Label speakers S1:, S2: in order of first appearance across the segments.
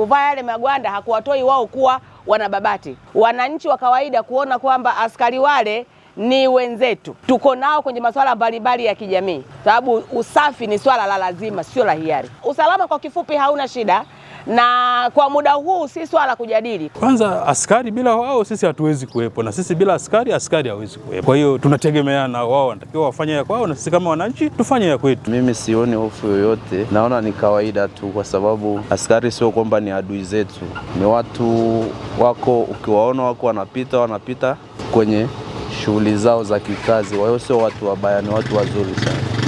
S1: kuvaa yale magwanda hakuwatoi wao kuwa wanababati. Wananchi wa kawaida kuona kwamba askari wale ni wenzetu, tuko nao kwenye masuala mbalimbali ya kijamii, sababu usafi ni swala la lazima, sio la hiari. Usalama kwa kifupi hauna shida na kwa muda huu si swala kujadili.
S2: Kwanza askari bila wao sisi hatuwezi kuwepo, na sisi bila askari askari hawezi kuwepo. Kwa hiyo tunategemeana, wao wanatakiwa wafanye ya kwao na sisi kama wananchi tufanye ya kwetu.
S3: Mimi sioni hofu yoyote, naona ni kawaida tu, kwa sababu askari sio kwamba ni adui zetu, ni watu wako, ukiwaona wako wanapita wanapita kwenye shughuli zao za kikazi. Kwa hiyo sio watu wabaya, ni watu wazuri sana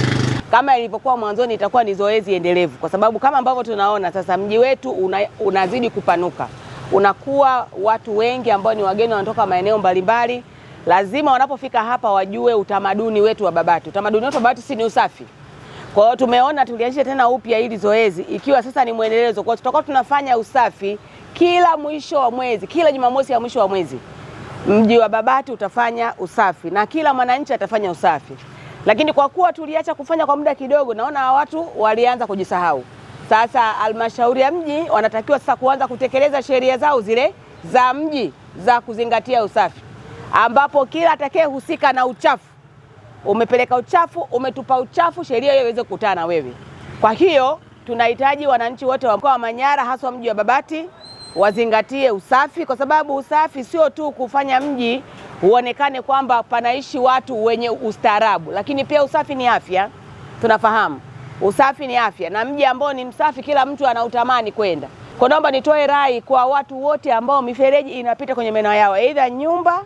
S1: kama ilivyokuwa mwanzoni, itakuwa ni zoezi endelevu, kwa sababu kama ambavyo tunaona sasa mji wetu una, unazidi kupanuka, unakuwa watu wengi ambao ni wageni wanatoka maeneo mbalimbali. Lazima wanapofika hapa wajue utamaduni wetu wa Babati. Utamaduni wetu wa Babati si ni usafi. Kwa hiyo tumeona tulianzisha tena upya hili zoezi, ikiwa sasa ni mwendelezo. Kwa hiyo tutakuwa tunafanya usafi kila mwisho wa mwezi, kila Jumamosi ya mwisho wa mwezi mji wa Babati utafanya usafi na kila mwananchi atafanya usafi lakini kwa kuwa tuliacha kufanya kwa muda kidogo, naona watu walianza kujisahau. Sasa halmashauri ya mji wanatakiwa sasa kuanza kutekeleza sheria zao zile za mji za kuzingatia usafi, ambapo kila atakayehusika na uchafu, umepeleka uchafu, umetupa uchafu, sheria hiyo iweze kukutana na wewe. Kwa hiyo tunahitaji wananchi wote wa mkoa wa Manyara, haswa mji wa Babati, wazingatie usafi, kwa sababu usafi sio tu kufanya mji huonekane kwamba panaishi watu wenye ustaarabu, lakini pia usafi ni afya. Tunafahamu usafi ni afya, na mji ambao ni msafi kila mtu anautamani kwenda. Kwa naomba nitoe rai kwa watu wote ambao mifereji inapita kwenye maeneo yao, aidha nyumba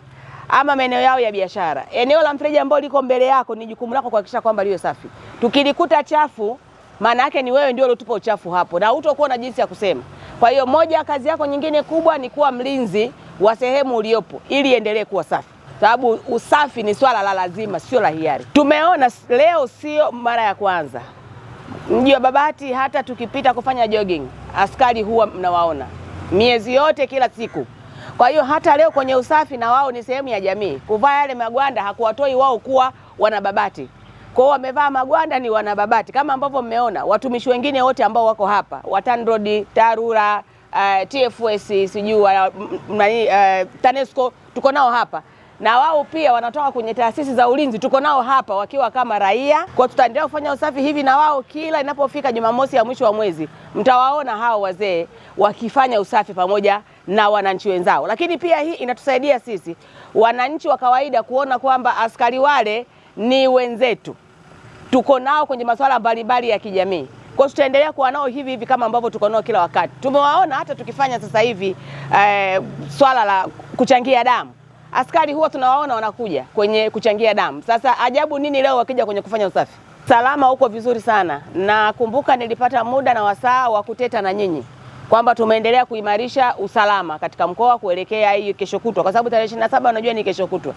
S1: ama maeneo yao ya biashara. Eneo la mfereji ambao liko mbele yako, ni jukumu lako kuhakikisha kwamba liwe safi. Tukilikuta chafu, maana yake ni wewe ndio uliotupa uchafu hapo, na hutokuwa na jinsi ya kusema. Kwa hiyo moja kazi yako nyingine kubwa ni kuwa mlinzi wa sehemu uliopo ili iendelee kuwa safi, sababu usafi ni swala la lazima, sio la hiari. Tumeona leo sio mara ya kwanza mji wa Babati, hata tukipita kufanya jogging, askari huwa mnawaona miezi yote, kila siku. Kwa hiyo hata leo kwenye usafi, na wao ni sehemu ya jamii. Kuvaa yale magwanda hakuwatoi wao kuwa wanababati hiyo wamevaa magwanda ni wanababati, kama ambavyo mmeona watumishi wengine wote ambao wako hapa, watandrodi, TARURA, uh, eh, TFS sijui uh, TANESCO tuko nao hapa na wao pia wanatoka kwenye taasisi za ulinzi, tuko nao hapa wakiwa kama raia. Kwa tutaendelea kufanya usafi hivi na wao, kila inapofika Jumamosi ya mwisho wa mwezi mtawaona hao wazee wakifanya usafi pamoja na wananchi wenzao. Lakini pia hii inatusaidia sisi wananchi wa kawaida kuona kwamba askari wale ni wenzetu, tuko nao kwenye masuala mbalimbali ya kijamii. Kwa tutaendelea kuwa nao hivi hivi kama ambavyo tuko nao kila wakati. Tumewaona hata tukifanya sasa hivi eh, swala la kuchangia damu askari huwa tunawaona wanakuja kwenye kuchangia damu. Sasa ajabu nini leo wakija kwenye kufanya usafi? Salama huko vizuri sana. Nakumbuka nilipata muda na wasaa wa kuteta na nyinyi kwamba tumeendelea kuimarisha usalama katika mkoa kuelekea hii kesho kutwa, kwa sababu tarehe 27 unajua ni kesho kutwa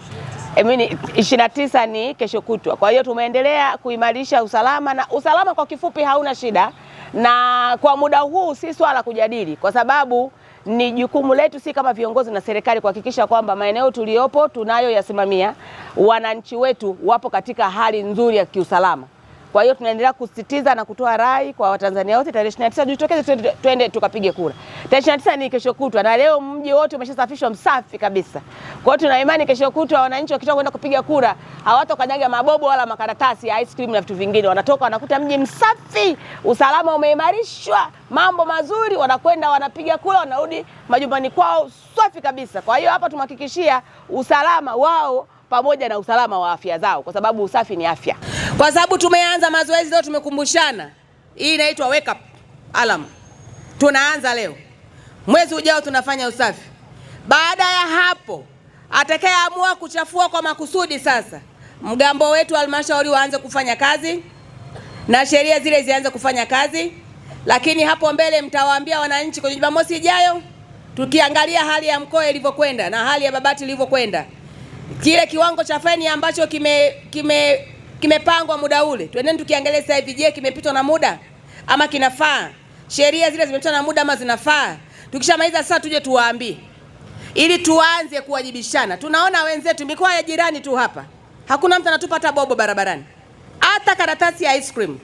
S1: ishirini na tisa ni kesho kutwa. Kwa hiyo tumeendelea kuimarisha usalama na usalama kwa kifupi hauna shida, na kwa muda huu si swala kujadili, kwa sababu ni jukumu letu si kama viongozi na serikali kuhakikisha kwamba maeneo tuliyopo tunayoyasimamia wananchi wetu wapo katika hali nzuri ya kiusalama. Kwa hiyo tunaendelea kusisitiza na kutoa rai kwa Watanzania wote, tarehe 29 jitokeze, twende tukapige kura. Tarehe 29 ni kesho kutwa, na leo mji wote umeshasafishwa msafi kabisa. Kwa hiyo tuna imani kesho kutwa wananchi wakitoka kwenda kupiga kura hawatokanyaga mabobo wala makaratasi ya ice cream na vitu vingine, wanatoka wanakuta mji msafi, usalama umeimarishwa, mambo mazuri, wanakwenda wanapiga kura, wanarudi majumbani kwao safi kabisa. Kwa hiyo hapa tumhakikishia usalama wao pamoja na usalama wa afya zao, kwa sababu usafi ni afya. Kwa sababu tumeanza mazoezi leo, tumekumbushana. Hii inaitwa wake up alarm. Tunaanza leo, mwezi ujao tunafanya usafi. Baada ya hapo, atakayeamua kuchafua kwa makusudi, sasa mgambo wetu halmashauri waanze kufanya kazi na sheria zile zianze kufanya kazi, lakini hapo mbele mtawaambia wananchi kwenye Jumamosi ijayo, tukiangalia hali ya mkoa ilivyokwenda na hali ya Babati ilivyokwenda, kile kiwango cha faini ambacho kime, kime kimepangwa muda ule, twendeni tukiangalia sasa hivi. Je, kimepitwa na muda ama kinafaa? Sheria zile zimepitwa na muda ama zinafaa? Tukishamaliza sasa, tuje tuwaambie ili tuanze kuwajibishana. Tunaona wenzetu mikoa ya jirani tu hapa, hakuna mtu anatupa hata bobo barabarani, hata karatasi ya ice cream.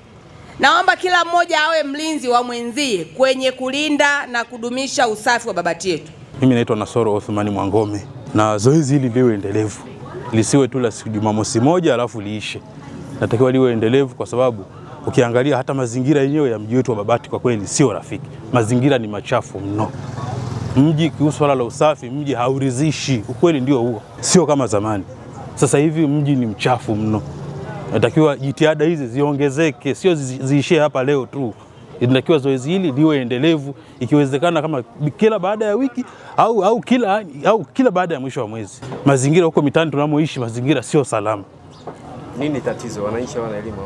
S1: Naomba kila mmoja awe mlinzi wa mwenzie kwenye kulinda na kudumisha usafi wa Babati yetu.
S4: Mimi naitwa Nasoro Othmani Mwangome, na zoezi hili liwe endelevu, lisiwe tu la siku Jumamosi moja alafu liishe natakiwa liwe endelevu, kwa sababu ukiangalia hata mazingira yenyewe ya mji wetu wa Babati kwa kweli sio rafiki. Mazingira ni machafu mno mji kuhusu swala la usafi, mji hauridhishi. Ukweli ndio huo, sio kama zamani. Sasa hivi mji ni mchafu mno, natakiwa jitihada hizi ziongezeke, sio ziishie hapa leo tu. Inatakiwa zoezi hili liwe endelevu, ikiwezekana kama kila baada ya wiki au, au, kila, au kila baada ya mwisho wa mwezi. Mazingira huko mitaani tunamoishi, mazingira sio salama.
S5: Nini tatizo? Wananchi hawana elimu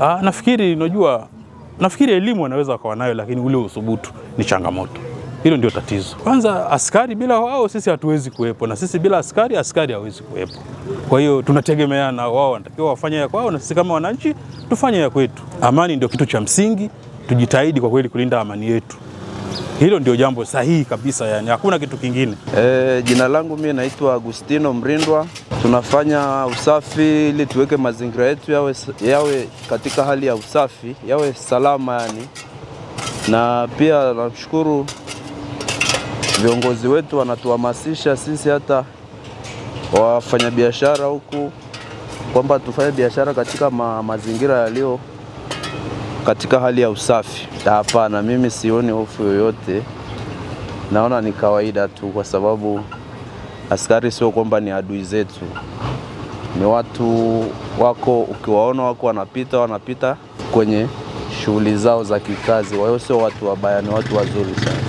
S4: Ah, nafikiri unajua, nafikiri elimu wanaweza wakawa nayo, lakini ule uthubutu ni changamoto. Hilo ndio tatizo. Kwanza askari bila wao sisi hatuwezi kuwepo, na sisi bila askari askari hawezi kuwepo. Kwa hiyo tunategemeana, wao wanatakiwa wafanye ya kwao na sisi kama wananchi tufanye ya kwetu. Amani ndio kitu cha msingi, tujitahidi kwa kweli kulinda amani yetu. Hilo ndio jambo sahihi kabisa, yani hakuna kitu kingine.
S3: E, jina langu mimi naitwa Agustino Mrindwa. Tunafanya usafi ili tuweke mazingira yetu yawe, yawe katika hali ya usafi, yawe salama yani, na pia namshukuru viongozi wetu wanatuhamasisha sisi hata wafanyabiashara huku kwamba tufanye biashara katika ma, mazingira yaliyo katika hali ya usafi, hapana, mimi sioni hofu yoyote, naona ni kawaida tu, kwa sababu askari sio kwamba ni adui zetu, ni watu wako, ukiwaona wako wanapita wanapita kwenye shughuli zao za kikazi. Wao sio watu wabaya, ni watu wazuri sana.